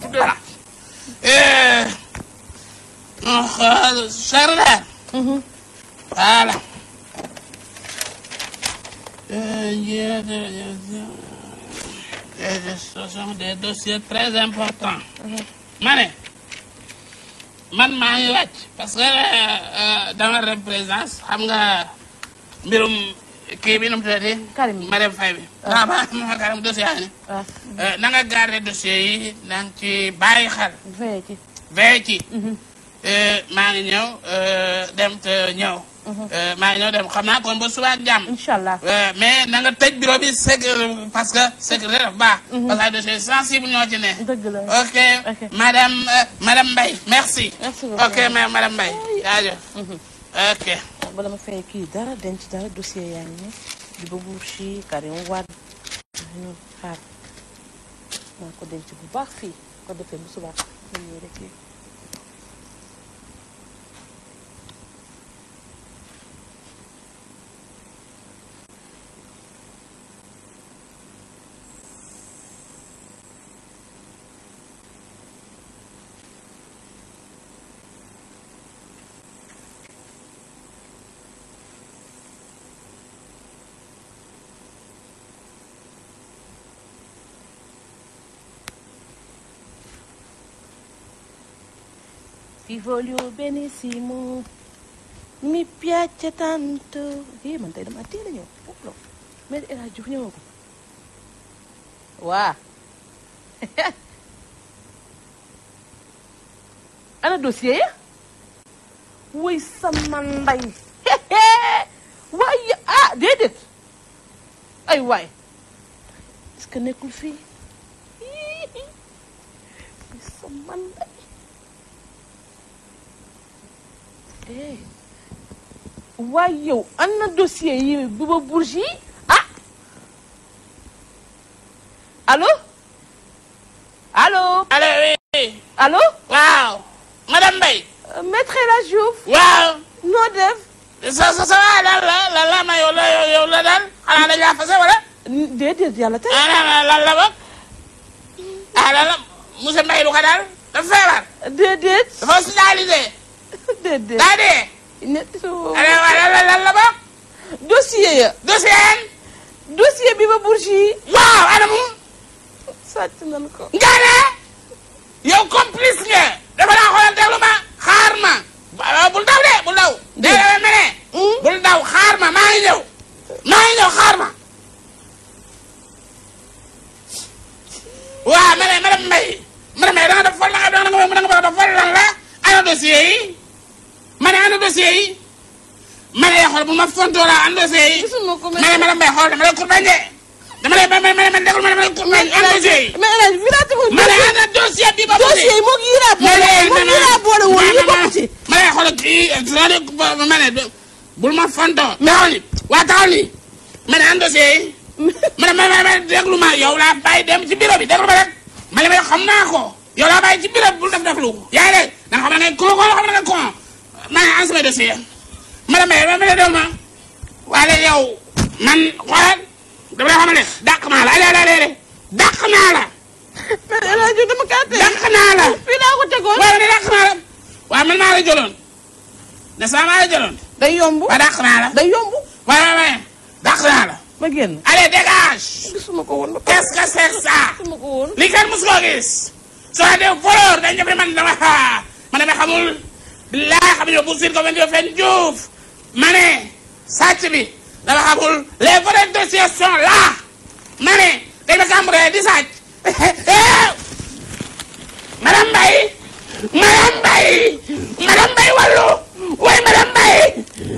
Voilà. Et... Euh, euh, Charles. Mmh. Voilà. Euh, ce sont des dossiers très importants. Mhm. Mané, man maa parce que dans ma xam nga mbirum kii bi nu mu tuddati. Karim bi Marème Faye bi. waaw waaw ma Karim dossier yi. waaw ah. euh, yi na ci bayi xel. veillé ci mhm. euh, maa ngi ñëw euh, dem te ñëw. Mhm. maa ngi ñëw dem xam naa kon ba suba ak jàmm. mais nanga nga tëj bureau bi sec parce que secrétaire dafa baax. Mhm. parce que ay dossiers ñoo ci ne. dëgg la ok madame merci. merci beaucoup ok madame Mbaye bala ma fay kii dara denc dara dossier yaa ngi nii buur si Karim Wade noonu xaar naa ko denc bu baax fii ko defee mu subaa ñu ñëw rek qui voglio benissimo mi piace tanto eh man tey damaa teel a ñëw foofu la mais El Hadj waa ana dossier ya woy sama nday waaye ah déedéet ay waay est-ce que nekkul fii woy sama nday Eh. Waïo, un dossier yi Bouba ah Allô? Allô? Allô, madame Bay! Euh, maître Lajouf la joue! la là là la là la là là ah, la déedéet daa dee. ñetti suuf lan lan la bokk. dossier ya. dossier yan. dossier bi ba bourgie. waaw anamu. sàcc nañ ko. Ndiané. yow complice nga. dafa laa xoolal déglu ma. xaar ma. bul daw de bul daw. dee la mene. bul daw xaar ma maa ngi ñëw. maa ngi ñëw xaar ma. waaw mene madame Mbaye. madame Mbaye da nga def fol la nga da nga bëgg a def fol lan la ana dossier yi. dossier yi ma lay xool bu ma fontooraa am dossier yi. gisuma ko ma ne ma la may xool dama lay kurbañ de. dama lay ma ma ma déglu ma dama lay kurbañ am dossier yi. mais El Hadj viraate ko. ma lay àndal dossier bi ba. dossier yi moog yi laa boole woon moog yi laa boole woon yi bokk ci. ma lay xool kii ma ne bul ma fontoo. ma xool waa taxaw nii ma ne am dossier yi. ma ne ma ma ma déglu ma yow laa bàyyi dem ci bureau bi déglu ma rek ma ne ma xam naa ko yow laa bàyyi ci bureau bi bul def def lu ko. yaa ngi dégg da nga xam ne ku la ko xam ne ko man ansa may des fii ma la may ma la dool ma wala yow man xoolal dama la xamal ne dàq naa la allez allez allez dàq naa la. mais El Hadj day yomb waaw dàq naa la. day yomb waaw ma génn allez dégage. gisuma ko woon qu'est-ce ko woon li kenn mës koo soo dee voleur dañ def ne man dama man dama xamul. billaay xam ne bu ko benn yoo fen juuf ma ne sàcc bi dafa xamul les vrais dossiers sont là ma ne dañ ma cambre di sàcc madame Mbaye madame Mbaye madame Mbaye wàllu way madame Mbaye